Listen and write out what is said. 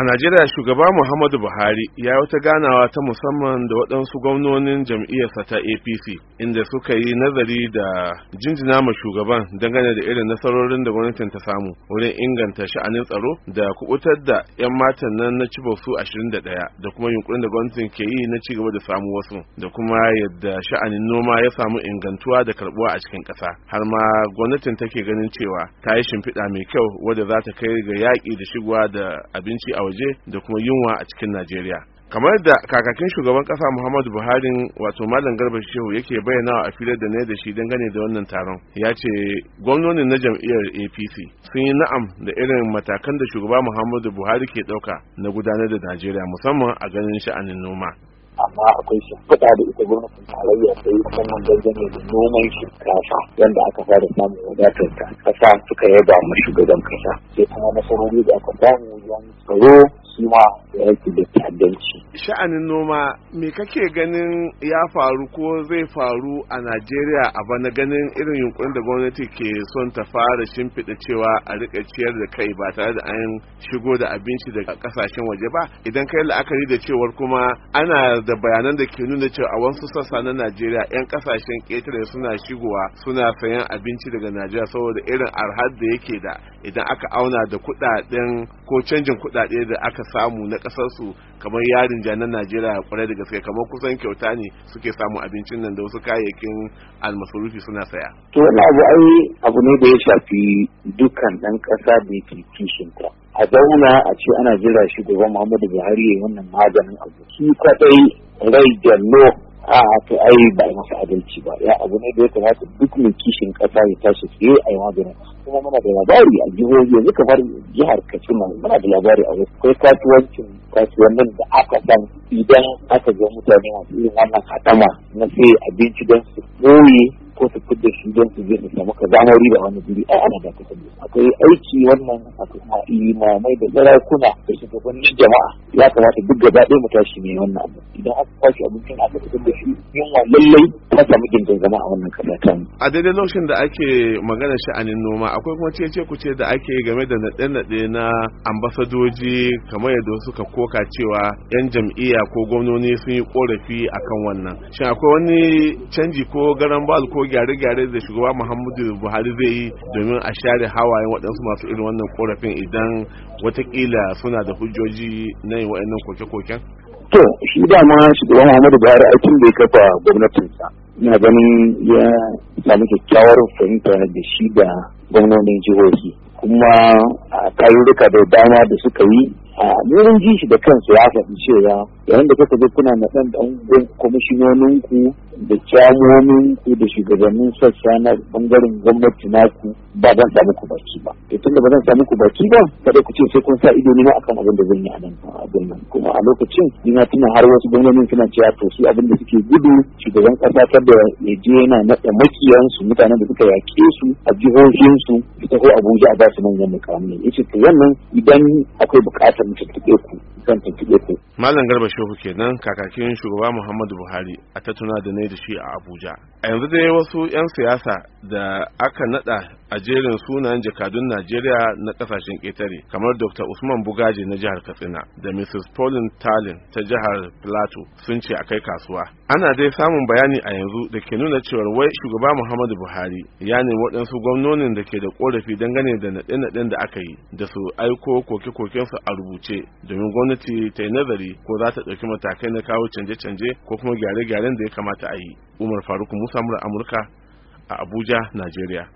a najeriya shugaba muhammadu buhari ya yi wata ganawa ta musamman da waɗansu gwamnonin jam'iyyarsa ta apc inda suka yi nazari da jinjina ma shugaban dangane da irin nasarorin da gwamnatin ta samu wurin inganta sha'anin tsaro da kubutar da 'yan matan nan na cibau su 21 da kuma yunkurin da gwamnatin ke yi na cigaba da samu wasu da kuma yadda sha'anin noma ya samu ingantuwa da karbuwa a cikin ƙasa har ma gwamnatin take ganin cewa ta yi shimfiɗa mai kyau wadda za ta kai ga yaƙi da shigowa da abinci a waje da kuma yunwa a cikin najeriya kamar da kakakin shugaban kasa muhammadu buhari wato malam garba shehu yake bayyanawa a filar da ne da shi dangane da wannan taron ya ce gwamnoni na jam'iyyar apc sun yi na'am da irin matakan da shugaba muhammadu buhari ke ɗauka na gudanar da najeriya musamman a ganin sha'anin noma amma akwai shimfiɗa da ita gwamnatin tarayya ta yi musamman dangane da noman shinkafa yadda aka fara samun wadatar ta kasa suka yaba ma shugaban ƙasa. sai kuma nasarori da aka samu wajen tsaro shi ma da yake da ta'addanci sha'anin noma me kake ganin ya faru ko zai faru a najeriya a bana ganin irin yunkurin da gwamnati ke son ta fara shimfiɗa cewa a riƙa ciyar da kai ba tare da an shigo da abinci daga kasashen waje ba idan kai la'akari da cewar kuma ana da bayanan da ke nuna cewa a wasu sassa na najeriya 'yan kasashen ƙetare suna shigowa suna sayan abinci daga najeriya saboda irin arhar da yake da idan aka auna da kuɗaɗen ko canjin kuɗaɗe da aka samu na ƙasarsu kamar yarin janar najeriya kwarai da gaske kamar kusan kyauta ne suke samun abincin nan da wasu kayayyakin almasarufi suna saya to wani abu ai abu ne da ya shafi dukkan ɗan ƙasa da yake kishinta a zauna a ce ana jira shi gobe muhammadu buhari ya wannan maganin abu shi kaɗai rai jallo a to ai ba a masa adalci ba ya abu ne da ya kamata duk mai kishin kasa ya tashi tsaye a yi maganin kuma muna da labari a jihohi yanzu kamar jihar katsina muna da labari a wasu kai kasuwancin kasuwannin da aka san idan aka ga mutane masu irin wannan hatama na sai abinci don su ɓoye ko su fidda shi don su je su samu kazamari da wani guri ai ana da akwai aiki wannan a akwai malamai da sarakuna da shugabannin jama'a ya kamata duk gaba ɗaya mu tashi ne wannan abu idan aka kwashe abincin aka fitar da shi yunwa lallai ta samu gindin zama a wannan kasa ta a daidai lokacin da ake magana sha'anin noma akwai kuma cece ku ce da ake game da naɗe-naɗe na ambasadoji kamar yadda suka koka cewa yan jam'iyya ko gwamnoni sun yi korafi akan wannan shin akwai wani canji ko garan bal ko gyare-gyare da shugaba muhammadu buhari zai yi domin a share hawayen waɗansu masu irin wannan korafin idan watakila suna da hujjoji na yin wa'annan koke-koken? To, shi dama shugaban Muhammadu Buhari aikin da ya kafa gwamnatinsa. Ina ganin ya samu kyakkyawar fahimta da shi da gwamnonin jihohi. Kuma a tarurruka da dama da suka yi a mun ji shi da kansu ya faɗi cewa yayin da kuka zo kuna na ɗan ɗan kwamishinonin ku da kyamomin ku da shugabannin sassa na bangaren gwamnati naku ba zan samu ku baki ba to tunda ba zan samu ku baki ba kada ku ce sai kun sa ido ne akan abin da zan yi a nan abin nan kuma a lokacin ina tuna har wasu gwamnonin suna cewa to su abin da suke gudu shugaban kasa da ya je yana naɗa makiyansu mutanen da suka yaƙe su a jihohinsu su taho Abuja a ba su manyan mukamai yace to wannan idan akwai buƙatar Mallam Malam Garba Shehu kenan kakakin shugaba Muhammadu Buhari a tattuna da ne da shi a Abuja. A yanzu dai wasu 'yan siyasa da aka naɗa a jerin sunayen jakadun Najeriya na kasashen ƙetare kamar Dr. Usman Bugaji na jihar Katsina da Mrs. Pauline Talin ta jihar Plateau sun ce a kai kasuwa. Ana dai samun bayani a yanzu da ke nuna cewa wai shugaba Muhammadu Buhari ya nemi waɗansu gwamnonin da ke da ƙorafi dangane da naɗe-naɗen da aka yi da su aiko koke koken su a rubuce domin gwamnati ta yi nazari ko za ta ɗauki matakai na kawo canje-canje ko kuma gyare-gyaren da ya kamata a yi. Umar Faruk Musa Amurka a Abuja, Najeriya.